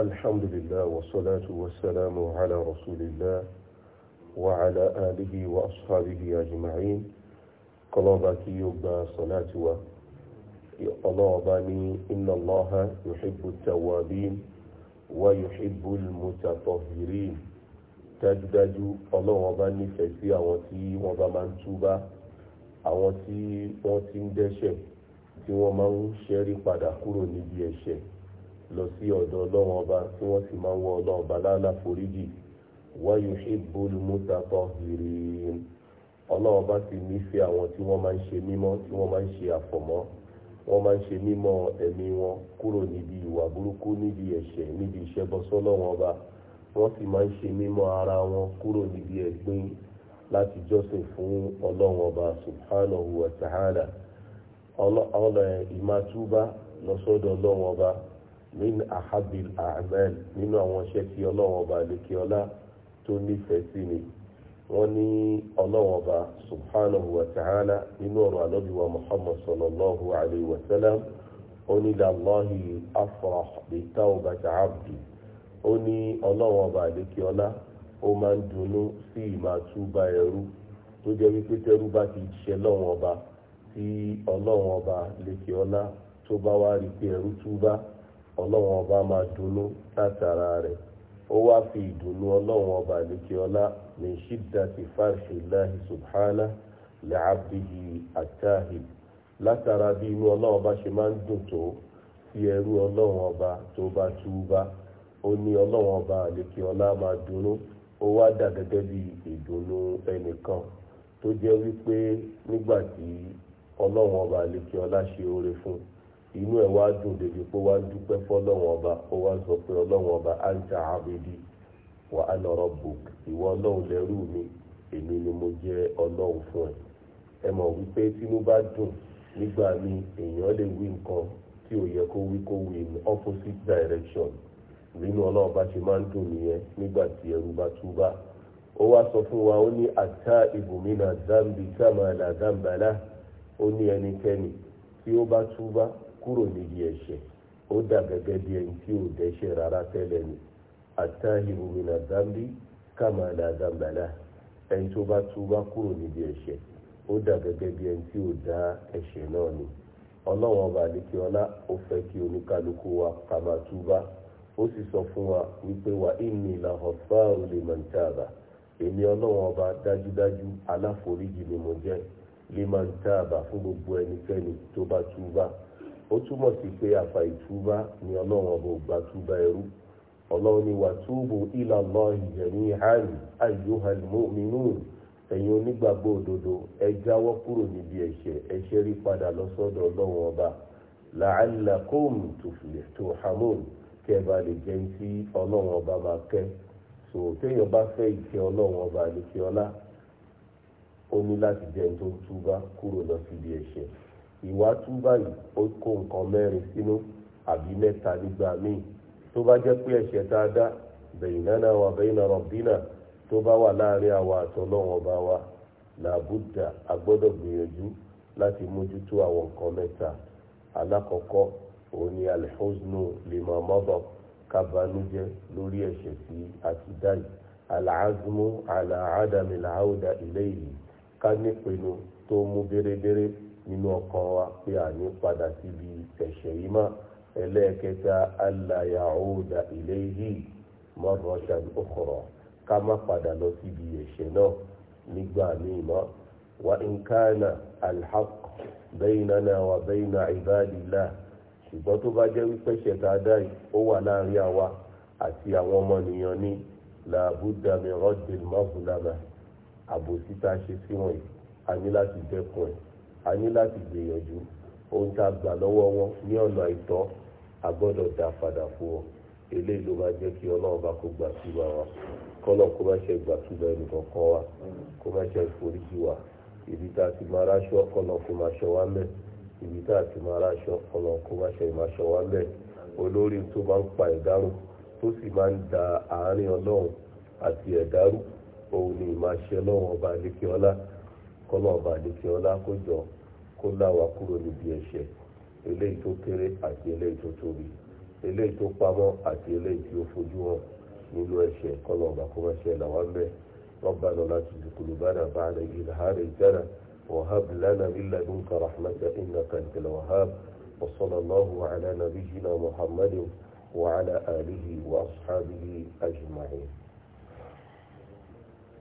الحمد لله والصلاة والسلام على رسول الله وعلى آله وأصحابه أجمعين قلوبك يبا صلاة قلوبني إن الله يحب التوابين ويحب المتطهرين dájúdájú ọlọ́run ọba nífẹ̀ẹ́ sí àwọn tí wọ́n bá máa ń túbá àwọn tí wọ́n ti lọ sí ọ̀dọ̀ ọlọ́run ọba tí wọ́n sì máa ń wọ ọlọ́run ọba lálàforíjì wa yuhibbul mutatahhirin ọlọ́run ọba sì nífẹ̀ẹ́ àwọn tí wọ́n máa ń ṣe mímọ́ tí wọ́n máa ń ṣe àfọ̀mọ́ wọ́n máa ń ṣe mímọ́ ẹ̀mí wọn kúrò níbi ìwà burúkú níbi ẹ̀ṣẹ̀ níbi ìṣẹ́bọ sọ́lọ́run ọba wọ́n sì máa ń ṣe mímọ́ ara wọn kúrò níbi ẹ̀gbin láti jọ́sìn fún ọlọ́run ọba subhanahu wa ta'ala ọlọ́run ìmàtúbá lọ́sọ́dọ̀ ọlọ́run ọba min ahabil a'mal nínú àwọn iṣẹ́ tí ọlọ́run ọba àlekè ọlá tó nífẹ̀ẹ́ sí ni wọ́n ní ọlọ́run ọba subhanahu wa ta'ala nínú ọ̀rọ̀ alọ́bíwa muhammad sallallahu alayhi wa sallam ó ní làlọ́hì afrah bi tawbati abdi ó ní ọlọ́run ọba àlekè ọlá ó máa ń dunnú sí ìmàtúbà ẹrú tó jẹ́ wípé tẹ́rú bá ti ṣe lọ́wọ́n ọba tí ọlọ́run ọba lékè tó bá wá rí pé ẹrú túbá ọlọ́run ọba máa dunnú látara rẹ̀ ó wá fi ìdùnnú ọlọ́run ọba àlejò ọlá min shiddati farshi Allahi subhana li abdihi atahib látara bí inú ọlọ́run ọba ṣe máa ń dùn tó fi ẹrú ọlọ́run ọba tó bá túbá ó ní ọlọ́run ọba àlejò ọlá máa dunnú ó wá dà gẹ́gẹ́ bí ìdùnnú ẹnìkan tó jẹ́ wípé nígbà tí ọlọ́run ọba àlejò ọlá ṣe oore fún un inú ẹ̀ wá dùn débi pé wá dúpẹ́ fọlọ́run ọba ó wá sọ pé ọlọ́run ọba anta abidi wa ana rabbuk ìwọ ọlọ́run lẹ́rú mi èmi ni mo jẹ́ ọlọ́run fún ẹ ẹ mọ̀ wípé tínú bá dùn nígbà míì èèyàn lè wí nǹkan tí ò yẹ kó wí kó wí in opposite direction nínú ọlọ́run bá ṣe máa ń dùn nìyẹn nígbà tí ẹrú bá túbà ó wá sọ fún wa ó ní ata ibùmínà zambi kama la zambala ó ní ẹnikẹ́ni tí ó bá túbà kúrò níbi ẹ̀ṣẹ̀ ó dà gẹgẹ bí ẹni tí ò dẹ́ṣẹ̀ rárá tẹ́lẹ̀ ni àtàhìrù mìnà zambi kàmá là zambala ẹni tó bá kúrò níbi ó dà gẹgẹ bí ẹni tí ò dá ẹ̀ṣẹ̀ náà ni ọlọ́wọ́n ọba ọlá ó fẹ́ kí oníkálukú wa ká máa ó sì sọ fún wa wípé wa inni la èmi ọlọ́wọ́n dájúdájú aláforíjì ni mo jẹ́ gbogbo ẹnikẹ́ni tó bá ó túmọ̀ sí pé àfà ìtúbá ni ọlọ́run ọba ògbà túbá ẹrú ọlọ́run ni wàtúbù ila Allahi jami'an ayyuhal mu'minun ẹ̀yin onígbàgbọ́ òdodo ẹ jáwọ́ kúrò níbi ẹ̀ṣẹ̀ ẹ̀ṣẹ̀ rí padà lọ sọ́dọ̀ ọlọ́run ọba la'allakum tuflihun kẹ́ ẹ bá lè jẹ́ tí ọlọ́run ọba máa kẹ́ so téèyàn bá fẹ́ ìkẹ́ ọlọ́run ọba àlekíọ́lá ó ní láti jẹ́ tó túbá kúrò lọ síbi ẹ̀ṣẹ̀ ìwà túbà yìí ó kó nǹkan mẹ́rin sínú àbí mẹ́ta nígbà míì tó bá jẹ́ pé ẹ̀ṣẹ̀ tá a dá bainana wa baina rabbina tó bá wà láàrin àwa àtọ́lọ́wọ́n ọba wa làbúdà a gbọ́dọ̀ gbìyànjú láti mójútó àwọn nǹkan mẹ́ta alákọ̀ọ́kọ́ òun ni alhuznu lima mada kábàánújẹ́ lórí ẹ̀ṣẹ̀ tí a ti dá yìí alaazumu alaadamilauda ilé yìí ká nípinnu tó mú bérebére nínú ọkàn wa pé àní padà síbi ẹ̀ṣẹ̀ yìí mọ́ ẹlẹ́ẹ̀kẹta aláya ọ̀ọ́dà ilé yìí mọ́rọ̀ọ́sà ọ̀kọ̀rọ̀ ká má padà lọ síbi ẹ̀ṣẹ̀ náà nígbà míì mọ́ wa nkaana alhaq bẹ́yìnánà wa bẹ́yìnà ìbádìlá ṣùgbọ́n tó bá jẹ́ wípé ṣẹ̀dá dáì ó wà láàrin àwa àti àwọn ọmọnìyàn ní làbúdà mi rọ́dìl mọ́fúlámà àbòsí ṣe sí wọn yìí a ní láti dẹ́kun ẹ̀. anyị láti gbìyànjú ohun tá a gbà lọ́wọ́ wọn ní ọ̀nà àìtọ́ agbọ́dọ̀ ọ eléyìí ló jẹ́ kí ọlọ́run bá kó gbà sí wa kọ́lọ̀ kó má ṣe gbà túbà ẹnìkankan wa kó má ṣe wa ibi tá a ti máa ráṣọ kọ́lọ̀ kó má ṣọ mẹ́ ibi tá a ti máa ráṣọ kọ́lọ̀ kó má ṣe má ṣọ mẹ́ olórí tó ń pa kọ́lọ́ ọba àdékè ọlá kó jọ kó láwa kúrò níbi ẹ̀ṣẹ̀ eléyìí tó kéré àti eléyìí tó tóbi eléyìí tó pamọ́ àti eléyìí tí ó fojú hàn nínú ẹ̀ṣẹ̀ kọ́lọ́ ọba kó má ṣe làwọn mẹ́ ربنا لا تزغ قلوبنا بعد إذ هديتنا وهب لنا من لدنك رحمة إنك أنت الوهاب وصلى الله على نبينا محمد وعلى آله وأصحابه أجمعين